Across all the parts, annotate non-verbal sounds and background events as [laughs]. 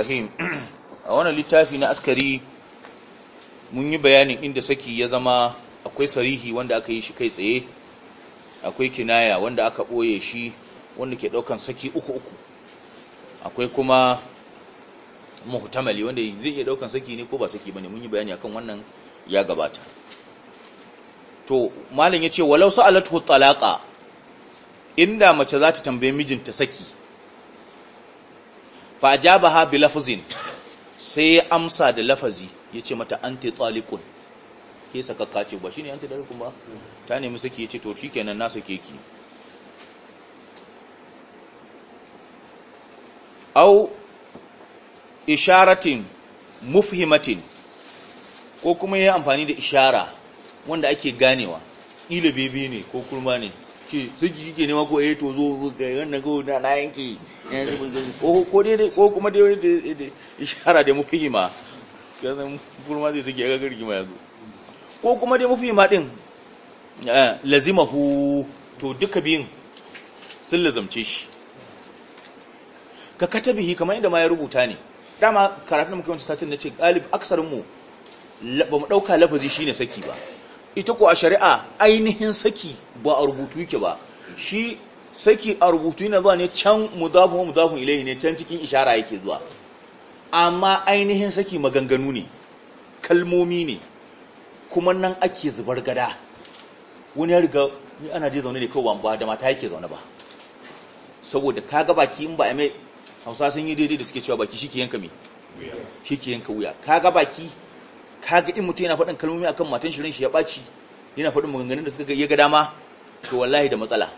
rahim [clears throat] a wannan littafi na askari mun yi bayanin inda saki ya zama akwai sarihi wanda aka yi shi kai tsaye akwai kinaya wanda aka ɓoye shi wanda ke ɗaukan saki uku uku akwai kuma muhtamali wanda zai iya ɗaukan saki ne ko ba saki bane mun yi bayani akan wannan ya gabata to malam yace walau sa'alatu talaqa inda mace za ta tambaye mijinta saki fa ajabaha bi lafazin sai amsa da lafazi yace mata anti taliqun ke sakakka ce ba shine anti taliqun ba ta nemi saki yace to shikenan na sake ki au isharatin mufhimatin ko kuma yayi amfani da ishara wanda ake ganewa ilabebe bebe ne ko kulma ne ke suji ke nema ko eh to zo ga wannan ko na na eh, ko ko dai ko kuma dai wani da ishara da ma zai ga yazo ko kuma dai ma din eh, lazimahu to duka biyun sun lazamce shi ka katabihi kamar inda ma ya rubuta ne dama karatun muka yi wancan satin na ce galib aksarinmu ba mu ɗauka lafazi shine saki ba ita ko a shari'a ainihin saki ba a rubutu yake ba shi saki a rubutu yana zuwa ne can wa mudafu ilai ne can cikin ishara yake zuwa amma ainihin saki maganganu ne kalmomi ne kuma nan ake zubar gada wani ya riga ni ana je zaune ne kawai ba da mata yake zaune ba saboda kaga baki in ba a mai hausa sun yi daidai da suke cewa baki shi ke yanka me shi ke yanka wuya kaga baki kaga in mutum yana faɗin kalmomi akan matan shirin shi ya ɓaci yana faɗin maganganun da suka ya ga dama to wallahi da matsala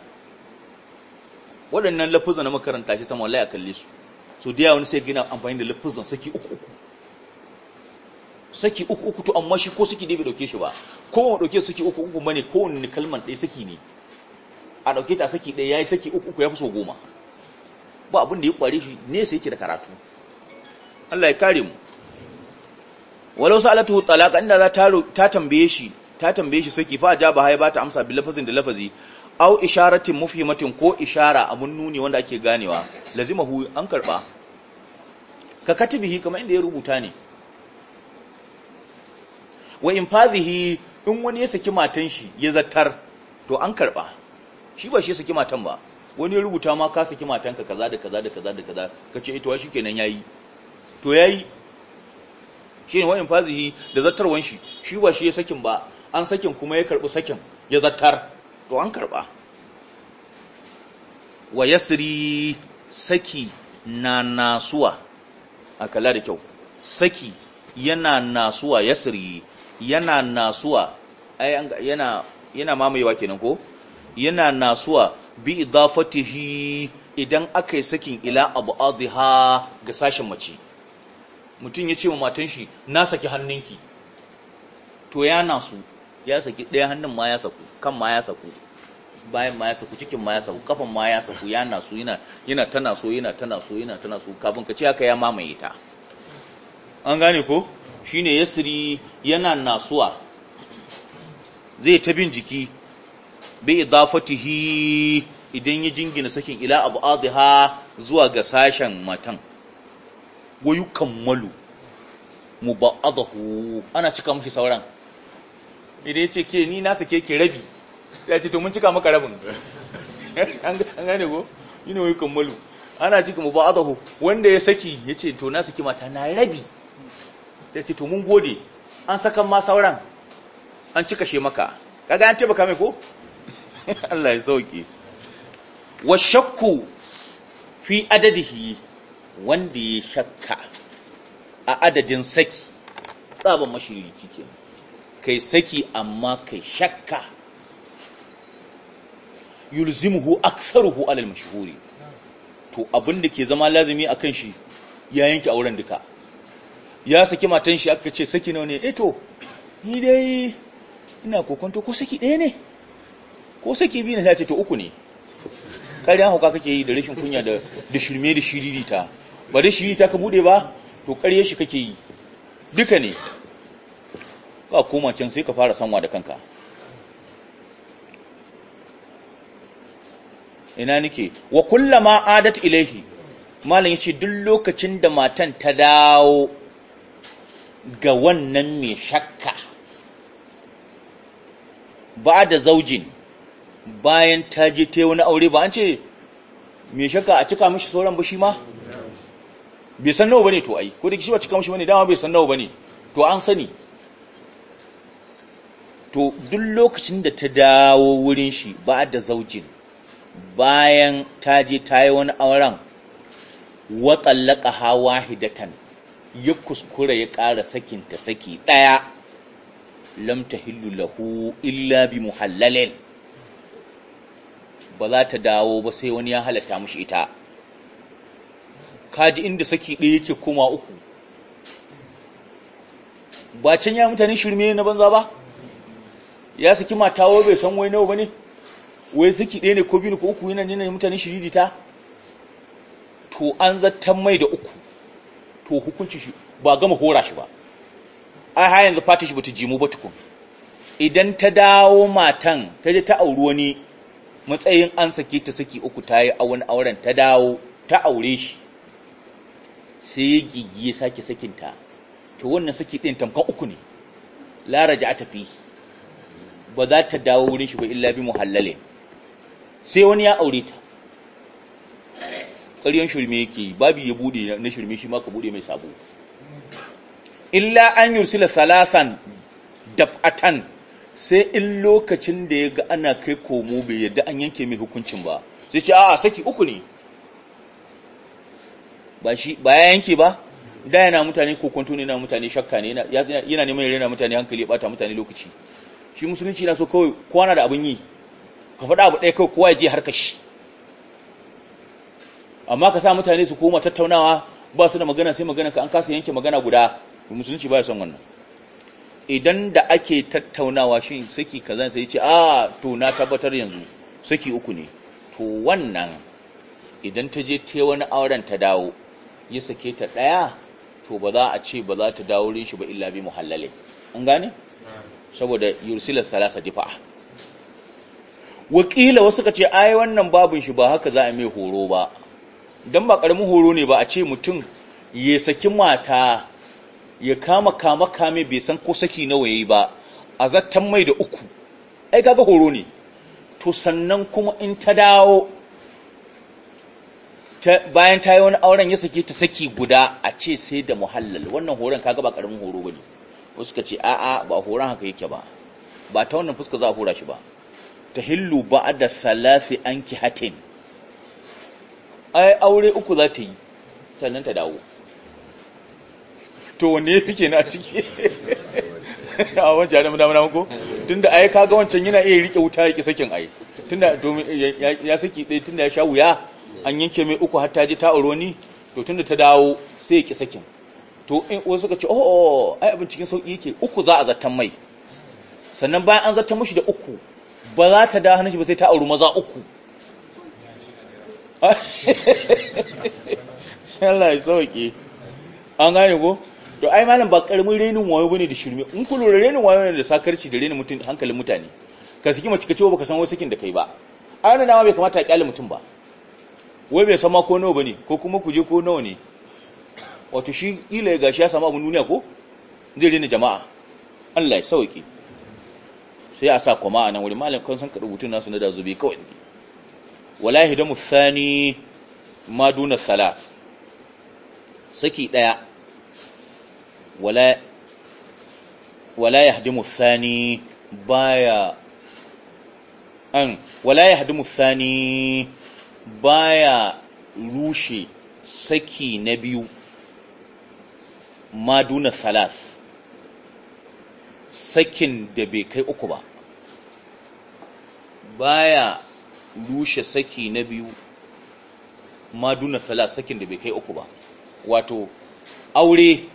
waɗannan lafuzan na makaranta shi sama wallahi a kalle su so da yawa wani sai gina amfani da lafuzan saki uku uku saki uku uku to amma shi ko saki ne bai dauke shi ba ko ba dauke saki uku uku bane ko wani kalman ɗaya saki ne a dauke ta saki ɗaya yayi saki uku uku ya fi so goma ba abin da ya kware shi nesa yake da karatu Allah ya kare mu walau sa'alatu talaqa inda za ta tambaye shi ta tambaye shi saki fa ajaba hay ba ta amsa bil lafazin da lafazi aw isharatin mufhimatin ko ishara abun nuni wanda ake ganewa lazima hu an karba ka katibihi kamar inda ya rubuta ne wa in fadhihi in wani ya saki matan shi ya zattar to an karba shi ba shi ya saki matan ba wani ya rubuta ma ka saki matanka kaza da kaza da kaza da kaza kace ita wa shikenan yayi to yayi ne wayin fazihi da zattarwan shi shi ba shi ya sakin ba an sakin kuma ya karbi sakin ya zattar to an karba wa yasri saki na nasuwa a kala da kyau saki yana nasuwa yasri yana nasuwa ai yana yana mamayewa kenan ko yana nasuwa bi idafatihi idan aka sakin ila abu adiha ga sashen mace mutum ya ce wa matan shi na saki hannunki to ya nasu ya saki ɗaya hannun ma ya saku kan ma ya saku bayan ma ya saku cikin ma ya saku kafan ma ya saku ya nasu yana yana tana so yana tana so yana tana so kafin ka ce haka ya mamaye ta an gane ko shine yasri yana nasuwa zai ta bin jiki bi idafatihi idan ya jingina sakin ila abu adha zuwa ga sashen matan wa ba adahu ana cika muke sauran idan yace ke ni na sake ki rabi ya ce to mun cika maka rabin [laughs] an gane ko yi ne wa malu ana cika mu ba adahu wanda ya saki yace to na saki mata na rabi ya ce to mun gode an sakan ma sauran an cika she maka kaga an baka mai ko [laughs] Allah ya sauke wa shakku fi adadihi wanda ya shakka a adadin saki tsaban mashiriki ke kai saki amma kai shakka yulzimuhu aktsaruhu alal mashhuri to abin da ke zama lazimi akan shi ya yanke auren duka ya saki matan shi aka ce saki nawa ne eh to ni dai ina kokonto ko saki ɗaya ne ko saki biyu na ta ce to uku ne karya hauka kake yi da rashin kunya da da shirme da shiririta ba da shiririta ka bude ba to karya shi kake yi duka ne ka koma can sai ka fara sanwa da kanka ina nake wa kullama adat ilaihi malam yace duk lokacin da matan ta dawo ga wannan mai shakka ba da zaujin bayan ta je ta wani aure ba an ce mai shakka a cika mishi sauran ba shi ma bai san nawa bane to ai ko da shi ba cika mishi bane dama bai san nawa bane to an sani to duk lokacin da ta dawo wurin shi ba da zaujin bayan ta je ta yi wani auren wa tsallaka hawa hidatan ya kuskura ya ƙara sakinta saki ɗaya lamta hillu lahu illa bi muhallalin ba za ta dawo ba sai wani ya halatta mushi ita kaji inda saki ɗaya yake koma uku ba can ya mutane shirme na banza ba ya saki mata wa bai san wai nawa bane? wai saki ɗaya ne ko biyu ko uku yana nuna mutane ta to an zattan mai da uku to hukunci shi ba gama hora shi ba ai har yanzu fata shi bata jimu ba tukun idan ta dawo matan ta je ta auri wani matsayin an sake ta saki uku ta yi wani auren ta dawo ta aure shi sai ya gigiye sake sakinta to wannan saki ɗin tamkan uku ne laraja a tafi ba za ta dawo wurin shi ba illa bi muhallale sai wani ya aure ta ƙaryon shirme yake babu ya bude na shirme shi ma ka bude mai sabo illa an yursila salasan dab'atan sai in lokacin da ya ga ana kai komo bai yadda an yanke mai hukuncin ba sai ce a saki uku ne ba shi ba ya yanke ba da yana mutane ko kwanto ne na mutane shakka ne yana neman yana mutane hankali ya bata mutane lokaci shi musulunci na so kawai kwana da abin yi ka faɗa abu ɗaya kawai kowa ya je harka shi amma ka sa mutane su koma tattaunawa ba su da magana sai magana ka an kasa yanke magana guda musulunci ba ya son wannan idan da ake tattaunawa shi saki kaza sai ce a ah, to na tabbatar yanzu saki uku ne to wannan idan ta je ta wani auren ta dawo ya sake ta daya to ba za a ce ba za ta dawo rin shi ba illa bi muhallale an gane saboda yursila salasa difa wakila wasu ka ce ai wannan babun shi ba haka za a mai horo ba dan ba karamin horo ne ba a ce mutum ya saki mata ya kama kama kame bai san ko saki nawa yayi ba a mai da uku ai kaga horo ne to sannan kuma in ta dawo bayan ta yi wani auren ya saki ta saki guda a ce sai da muhallal wannan horon kaga ba karamin horo bane wasu suka ce a'a ba horon haka yake ba ba ta wannan fuska za a hora shi ba ta hillu ba da salasi an ki hatin ai aure uku za ta yi sannan ta dawo to wanne yake na a ciki a wancan da dama ko tunda ai kaga wancan yana iya rike wuta yake sakin ai tunda domin ya saki dai tunda ya sha wuya an yanke mai uku har ta ji ta auro ni to tunda ta dawo sai ya ki sakin to in wasu suka ce oh, oh, oh ai abin cikin sauki yake uku za a zartan mai sannan bayan an zartan mushi da uku ba za ta dawo hannun shi ba sai ta maza uku [laughs] Allah ya sauke an gane ko to ai malam ba karamin renin wayo bane da shirme in ku lura renin wayo ne da sakarci da renin mutun hankalin mutane ka saki mace ka ce baka san wai sakin da kai ba a wannan dama bai kamata a kyale mutum ba wai bai sama ko nawa bane ko kuma ku je ko nawa ne wato shi ila ya gashi ya sama abun duniya ko zai rena jama'a Allah ya sauke sai a sa kuma a nan wuri malam kan san ka rubutun nasu na da zubi kawai wallahi da musani ma duna salat saki daya wala wala yahdimu thani baya an wala ya yahdimu thani baya rushe saki na biyu maduna salas sakin da bai kai uku ba baya rushe saki na biyu maduna salas sakin da bai kai uku ba wato aure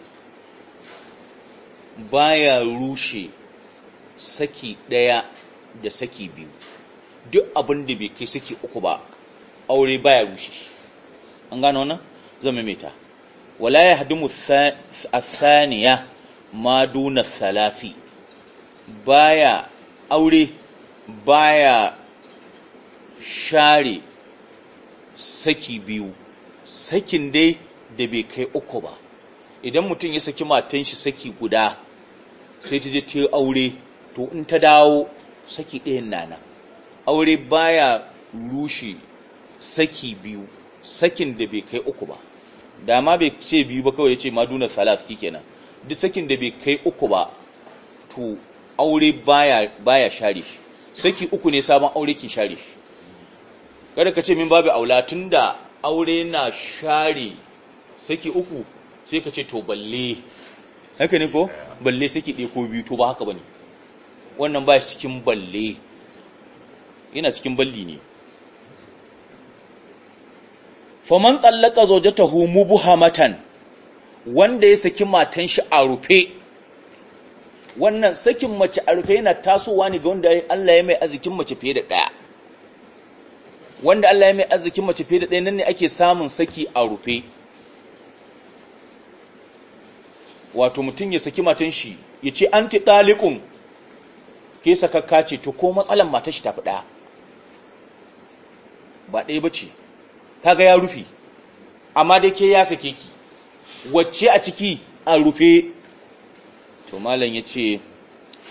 baya rushe saki ɗaya da saki biyu duk abin da bai kai saki uku ba aure baya rushe an gano nan, zama maimaita. wala ya hadumu athaniya ma duna salafi baya aure baya share saki biyu sakin dai da bai kai uku ba idan mutum ya saki matan shi saki guda sai ta je ta aure to in ta dawo saki ɗayan nana aure baya rushe saki biyu sakin da bai kai uku ba da ma bai ce biyu ba kawai ya ce maduna salas kenan duk sakin da bai kai uku ba to aure baya baya share shi saki uku ne sabon aure ke share shi kada ka ce min babu aula tunda aure na share saki uku sai ka ce to balle haka ne ko balle saki ɗaya ko biyu to ba haka bane wannan ba cikin balle yana cikin balli ne faman tsallaka buha matan, wanda ya saki matan shi a rufe wannan sakin mace a rufe yana tasowa ne ga wanda Allah ya mai arzikin mace fiye da ɗaya, wanda Allah ya mai arzikin mace fiye da ɗaya nan ne ake samun saki a rufe wato mutum ya saki matan shi ya ce an ti ɗalikun ke sakakka ce to ko matsalan matan shi tafi ɗaya ba ɗaya ba ce kaga ya rufe amma dai ke ya sake ki wacce a ciki a rufe to malam ya ce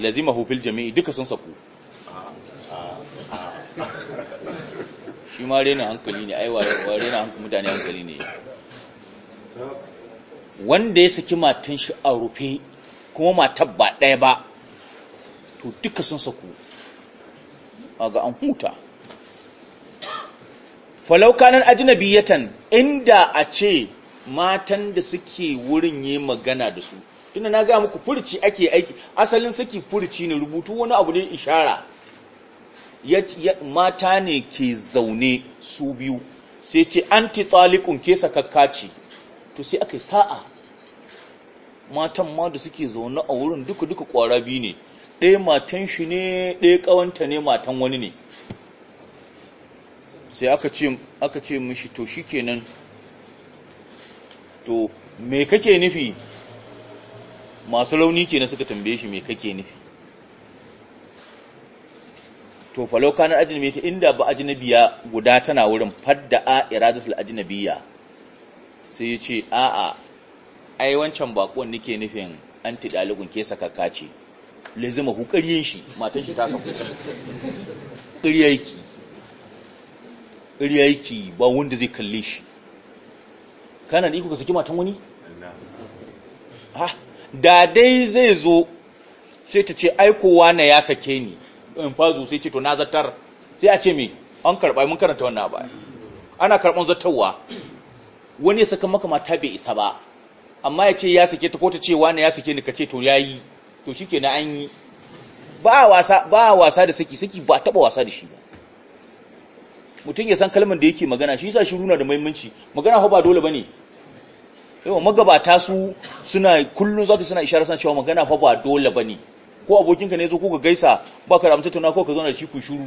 lazima hufil jami'i duka sun saku shi ma rena hankali ne aiwa rena mutane hankali ne wanda ya saki matan shi a rufe kuma matar ba ɗaya ba to duka sun saku a ga an huta falaukanan ajinabiyatan inda a ce matan da suke wurin yi magana da su tunda na gaya muku furci ake aiki asalin suke furci ne rubutu wani abu ne ishara mata ne ke zaune su biyu sai ce anti talikun ke sakakka to sai aka yi sa'a matan ma da suke zaune a wurin duka-duka ƙwara biyu ne ɗaya matan shi ne ɗaya ƙawanta ne matan wani ne sai aka ce mishi to shi kenan to me kake nufi masu rauni kenan suka tambaye shi me kake nufi to falauka na ajinabi ta inda ba ajinabiya guda tana wurin fadda a iradatul ajinabiya sai ya ce a'a ai wancan bakon nake nufin anti dalibin ke sakakka ce lazima ku ƙaryen shi matan shi ta sako ƙaryaki ƙaryaki ba wanda zai kalle shi kana da iko ka saki matan wani ha da dai zai zo sai ta ce aikowa na ya sake ni in fazo sai ce to na zatar sai a ce me an karɓa mun karanta wannan ba ana karɓan zatarwa wani ya saka maka mata bai isa ba amma ya ce ya sake ta ko ta ce wani ya sake ni ka ce to yayi to shikenan an yi ba wasa wasa da saki saki ba taba wasa da shi ba mutum ya san kalmar da yake magana shi yasa shi runa da muhimmanci magana ho ba dole bane yawa magabata su suna kullun zaka suna isharar san cewa magana fa ba dole bane ko abokinka ne zo ko ka gaisa ka da amsa ko ka zo na shi ku shiru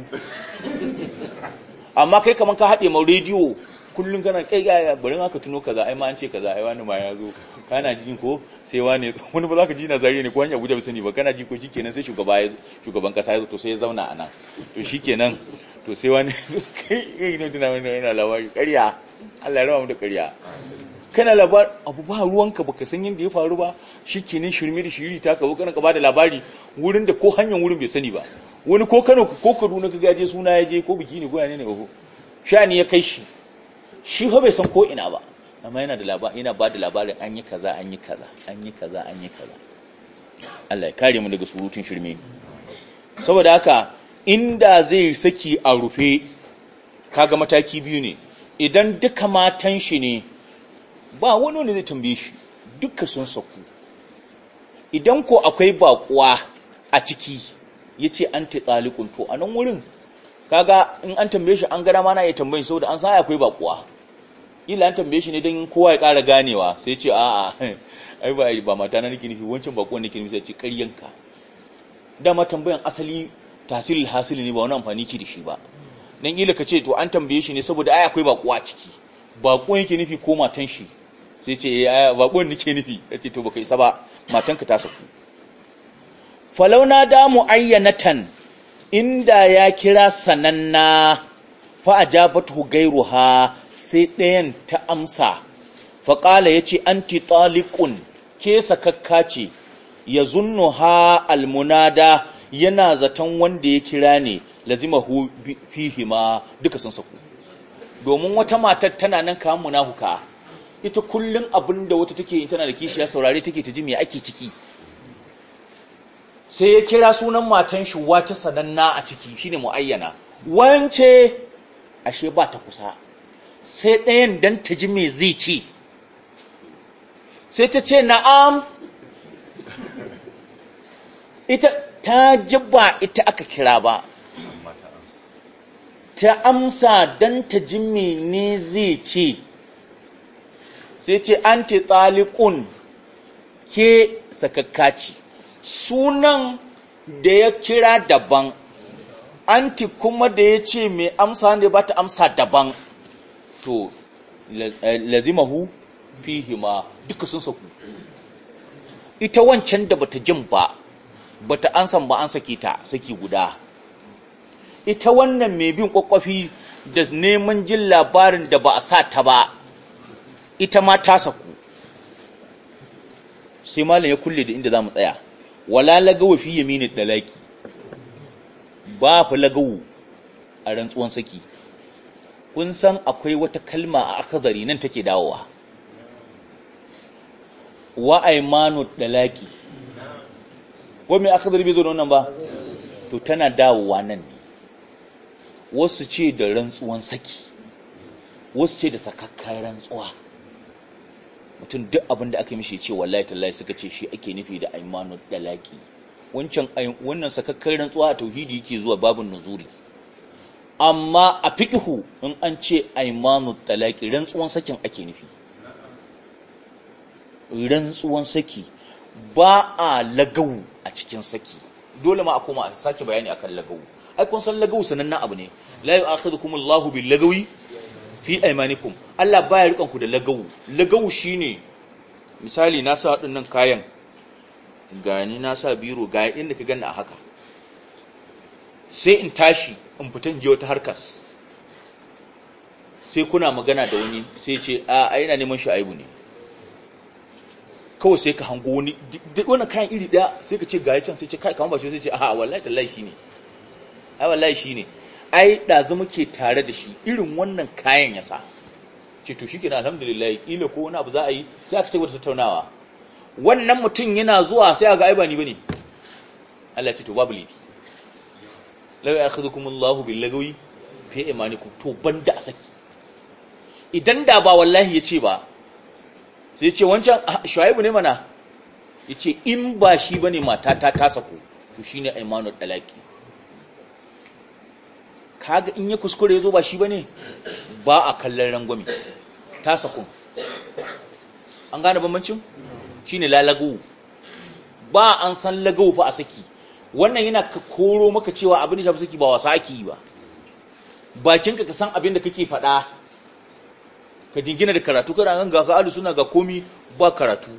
amma kai kaman ka haɗe ma rediyo kullum kana kai ga bari ma ka tuno kaza ai ma an ce kaza ai wani ma ya zo kana jin ko sai wani wani ba za ka ji na zari ne ko hanyar Abuja ba sani ba kana ji ko shikenan sai shugaba ya shugaban kasa ya zo to sai ya zauna anan to shikenan to sai wani [laughs] kai kai ne tuna wani yana labari ƙarya Allah ya rama mu da ƙarya kana labar abu ba ruwanka baka san yadda ya faru ba shikenan shirme da shiri ta kawo kana ka bada labari wurin da ko hanyar wurin bai sani ba wani ko Kano ko Kaduna ka gaje suna ya je ko biki ne goya ne ne ba ne ya kai shi shi fa bai san ko ina ba amma yana da labari yana ba da labarin an yi kaza an yi kaza an yi kaza an yi kaza Allah ya kare mu daga surutun shirme saboda haka inda zai saki a rufe kaga mataki biyu ne idan duka matan shi ne ba wani ne zai tambaye shi duka sun saku idan ko akwai bakuwa a ciki yace ta talikun to a nan wurin kaga in an tambaye shi an gara mana ya tambaye saboda an sa akwai bakuwa Ila an tambaye shi ne don kowa ya ƙara ganewa sai ce a'a [laughs] ai ba ba mata na nake nufi wancan bako nake nufi sai ce ƙaryanka dama tambayan asali tasiri hasili ne ba wani amfani ki da shi ba dan kila ka ce to an tambaye shi ne saboda ai akwai bako a ciki bako yake nufi ko matan shi sai ce eh bako nake nufi ce to baka isa ba matanka ta saku falauna da in inda ya kira sananna fa ajabatu gairuha sai ɗayan ta amsa faƙala ya ce anti tsalikun ke sakakka ce ya zunnu ha almunada yana zaton wanda ya kira ne fihi fihima duka sun saku domin wata matar tana nan kamun munafuka ita kullum abinda wata take yi tana da kishiya saurare take ta ji me ake ciki sai ya kira sunan matan shi wata sananna a ciki shine muayyana wance ashe ba ta kusa sai ɗayan dan ta ji mai zai ce sai ta ce na'am ita ta ji ba ita aka kira ba ta amsa dan ta ji mai ne zai ce sai ce anti tsalikun ke sakakkaci sunan da ya kira daban anti kuma da ya ce mai amsa ne ba ta amsa daban to eh, lazimahu fihima duka sun saku ita wancan da bata jin ba bata san ba an saki ta saki guda ita wannan mai bin kwakwafi da neman jin labarin da ba a sa ta ba ita ma ta saku sai malam ya kulle da inda za mu tsaya wala lagawa fi yaminid dalaki ba fa lagawu a rantsuwan saki kun san akwai wata kalma a akazari nan take dawowa wa aymanu dalaki ko me akazari bai zo nan ba to tana dawowa nan ne wasu ce da rantsuwan saki wasu ce da sakakkan rantsuwa mutum duk abin da aka mishi ce wallahi tallahi suka ce shi ake nufi da aimanu dalaki wancan wannan sakakkan rantsuwa a tauhidi yake zuwa babun nuzuri amma a fiƙihu in an ce aymanu ran rantsuwan sakin ake nufi rantsuwan saki ba a lagawu a cikin saki dole ma a koma a sake bayani akan lagawu ai kun san lagawu sanannen abu ne la yu'akhidhukum Allahu bil lagawi fi aymanikum Allah baya rikan ku da lagawu lagawu shine misali na sa waɗannan kayan gani na sa biro ga inda ka ganna a haka sai in tashi in fitan jiyo wata harkas sai kuna magana da wani sai ce a aina neman shu'aibu ne kawai sai ka hango wani duk wani kayan iri daya sai ka ce ga yacin sai ce kai kamar ba shi sai ce a wallahi tallahi ne ai wallahi ne ai ɗazu muke tare da shi irin wannan kayan ya sa ce to shikenan alhamdulillah kila ko wani abu za a yi sai aka ce wata tattaunawa wannan mutum yana zuwa sai a ga ai ni bane Allah ya ce to babu libi. Allahu bi billagwi fi imanikum to banda a saki idan da ba wallahi yace ba sai ce wancan ah, shuaibu ne mana yace in ba shi bane mata ta ta sako to shine imanu dalaki kaga in ya kuskure yazo ba shi bane ba a kallon rangwami ta sakon an gane bambancin shine lalagu ba an san lagau fa a saki wannan yana ka koro maka cewa abin da shafi saki ba wasa ake yi ba bakinka ka san abin da kake faɗa ka jingina da karatu kana an ga alu suna ga komi ba karatu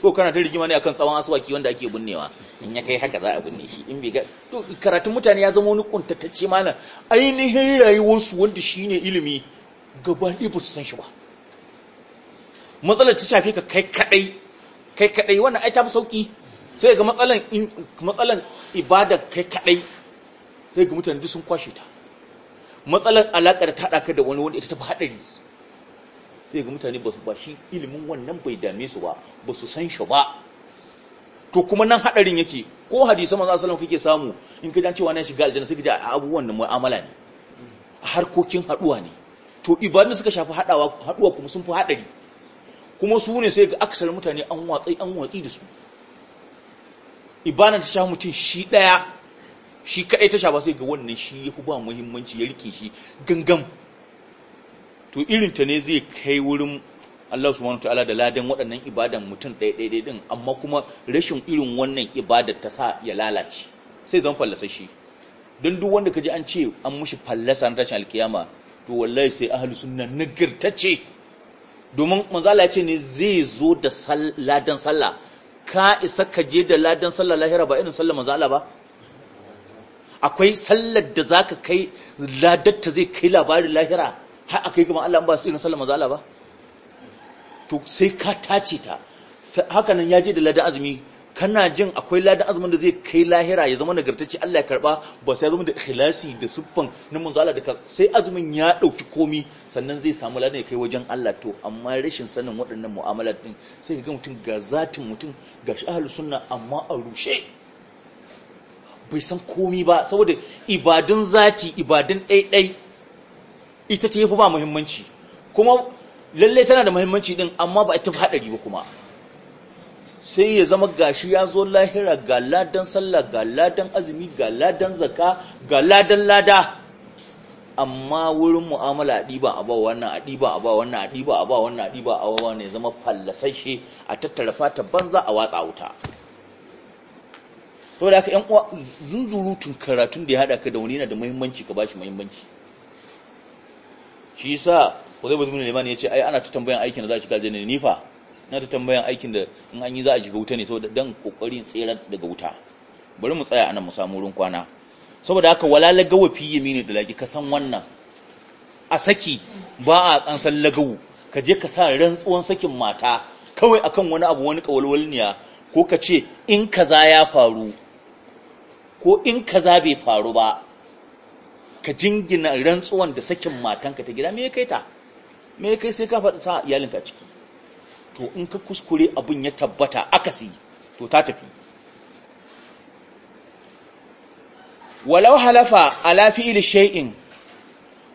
ko kana ta rigima ne akan tsawon asuwaki wanda ake binnewa in ya kai haka za a binne shi in bai ga to karatun mutane ya zama wani kuntatacce mana ainihin rayuwarsu wanda shine ilimi gaba ɗaya ba su san shi ba matsalar ta shafe ka kai kadai kai kadai wannan ai ta fi sauki sai ga matsalan matsalan ibada kai kadai sai ga mutane sun kwashe ta matsalan alakar ta hada ka da wani wanda ita ta hadari sai ga mutane ba su ba shi ilimin wannan bai dame su ba ba su san shi ba to kuma nan hadarin yake ko hadisi manzo sallallahu kake samu in ka dan cewa na shiga aljanna sai ka abubuwan da mu'amala ne harkokin haduwa ne to ibadun suka shafi hadawa haduwa kuma sun fi hadari kuma su ne sai ga aksar mutane an watsai an watsi da su ibana ta mutum shi ɗaya shi kaɗai ta shafa ba sai ga wannan shi ya fi ba muhimmanci ya rike shi gangan to irinta ne zai kai wurin Allah subhanahu ta'ala da ladan waɗannan ibadan mutum ɗaya ɗaya ɗin amma kuma rashin irin wannan ibadar ta sa ya lalace sai zan fallasa shi don duk wanda ka ji an ce an mushi fallasa na tashin alkiyama to wallahi sai ahlus sunna nagartace domin manzo ya ce ne zai zo da ladan sallah ka isa ka je da ladan sallar lahira ba irin sallar manzo ba akwai sallar da zaka kai ladar ta zai kai labarin lahira har akai kuma Allah ba su irin sallar manzo ba to sai ka tace ta hakanan nan ya je da ladan azumi kana jin akwai ladan azumin da zai kai lahira ya zama nagartacce Allah ya karba ba sai zama da ikhlasi da suffan na manzo Allah da sai azumin ya dauki komi sannan zai samu ladan ya kai wajen Allah to amma rashin sanin waɗannan mu'amalar din sai ka ga mutum ga zatin mutum ga shi ahlus sunna amma a rushe bai san komi ba saboda ibadun zati ibadun ɗaiɗai ita ta yi ba muhimmanci kuma lalle tana da muhimmanci din amma ba ita haɗari ba kuma sai ya zama gashi ya zo lahira ga ladan sallah ga ladan azumi ga ladan zaka ga ladan lada amma wurin mu'amala a ɗiba a ba wannan a ɗiba a ba wannan a ɗiba a ba wannan a ɗiba a ba wannan ya zama fallasashe a tattara fata banza a watsa wuta to da haka yan uwa tun karatun da ya haɗa ka da wani yana da muhimmanci ka bashi muhimmanci shi yasa Hudaybu da Limani ya ce ai ana ta tambayan aikin da za a shiga aljanna ni fa na ta tambayan aikin da in an yi za a shiga wuta ne saboda dan kokarin tsere daga wuta bari mu tsaya anan mu samu wurin kwana saboda haka wala gawafi fi yamini da laki ka san wannan a saki ba a kansan lagawu ka je ka sa rantsuwan sakin mata kawai akan wani abu wani kawalwalniya ko ka ce in kaza ya faru ko in kaza bai faru ba ka jingina rantsuwan da sakin matanka ta gida me kai ta me kai sai ka faɗi sa iyalinka ciki to in ka kuskure abin ya tabbata akasi to ta tafi walau halafa ala fi'il shay'in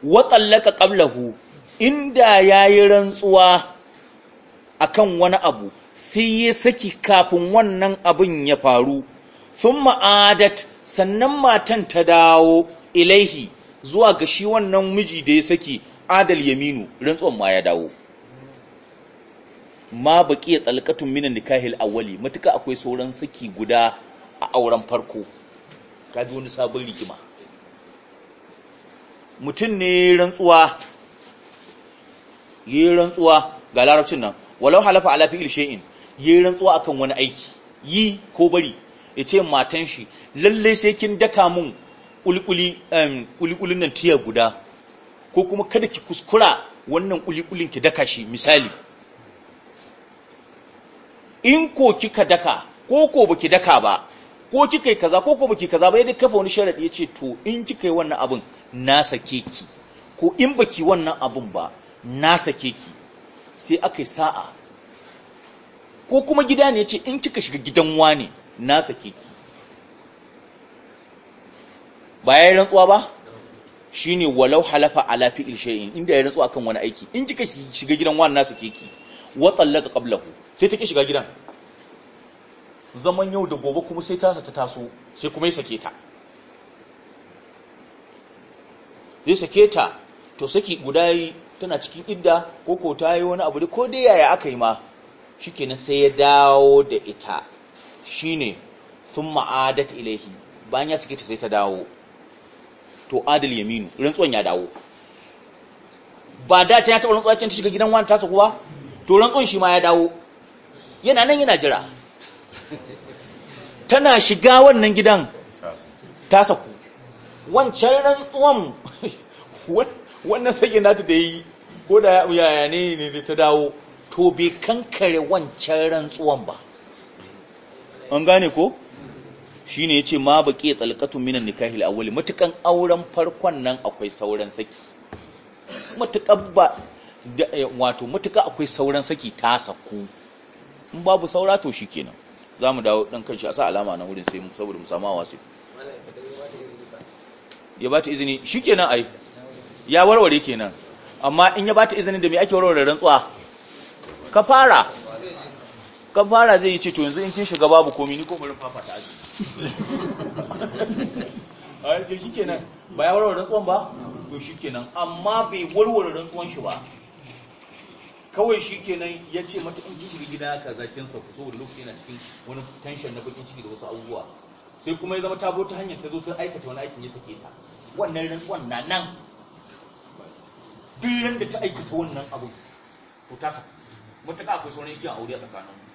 wa tallaka qablahu inda yayi rantsuwa akan wani abu sai ya saki kafin wannan abin ya faru thumma adat sannan matan ta dawo ilaihi zuwa ga shi wannan miji da ya saki adal yaminu rantsuwan ma ya dawo ma baki ya tsalkatun minan nikahil awwali matuka akwai sauran saki guda a auren farko ji wani sabon rigima mutum ne rantsuwa yi rantsuwa ga larabcin nan walau halafa ala fi'il shay'in yi rantsuwa akan wani aiki yi ko bari ya ce matan shi lalle sai kin daka mun kulikuli kulikulin nan tiya guda ko kuma kada ki kuskura wannan kulikulin ki daka shi misali in ko kika daka ko ko baki daka ba ko kika kaza ko ko baki kaza ba yadda kafa wani sharadi yace to in kika yi wannan abin na sake ki ko in baki wannan abin ba na sake ki sai aka yi sa'a ko kuma gida ne yace in kika shiga gidan wani na sake ki ba yayin rantsuwa ba shine walau halafa ala fi'il shay'in inda ya rantsuwa akan wani aiki in kika shiga gidan wani na sake ki wa tallaka ku sai ta ƙi shiga gidan zaman yau da gobe kuma sai tasa ta taso sai kuma ya sake ta zai sake ta to saki guda yi tana cikin idda ko ko ta yi wani abu ko dai yaya aka yi ma shikenan sai ya dawo da ita shine sun ma'adat ilaihi bayan ya sake ta sai ta dawo to adil yaminu rintsuwan ya dawo ba da can ya taɓa rintsuwa can ta shiga gidan wani tasa kuwa to ƙunshi shi ma ya dawo yana nan yana jira tana shiga wannan gidan ta saku wancan rantsuwan [laughs] wannan sake nata da yi ko da yaya ne ne ta dawo to bai kankare wancan rantsuwan ba an gane ko Shi ya ce ma ke tsalkatun minan nikahil awwal matukan auren farkon nan akwai sauran saki matukan ba Eh, wato matuka akwai sauran saki ta sakku in babu saura to shikenan za mu dawo ɗan kanshi a sa alama na wurin sai mu saboda mu samu wasu ya ba ta izini shikenan ai ya warware kenan amma in ya ba ta izinin da me ake warware rantsuwa ka fara ka fara zai yi ce to yanzu in kin shiga babu komi ni komi bari fafata aji [laughs] ai shikenan ba ya warware rantsuwan ba to shikenan amma bai warware rantsuwan shi ba kawai shi kenan ya ce mata in ki shiga gida ka zakin sa ku saboda lokaci yana cikin wani tension na bakin ciki da wasu abubuwa sai kuma ya zama ta bo ta hanyar ta zo ta aikata wani aikin ya sake ta wannan ran na nan duk da ta aikata wannan abu ko ta sa mutaka akwai sauran igiyan aure a tsakaninmu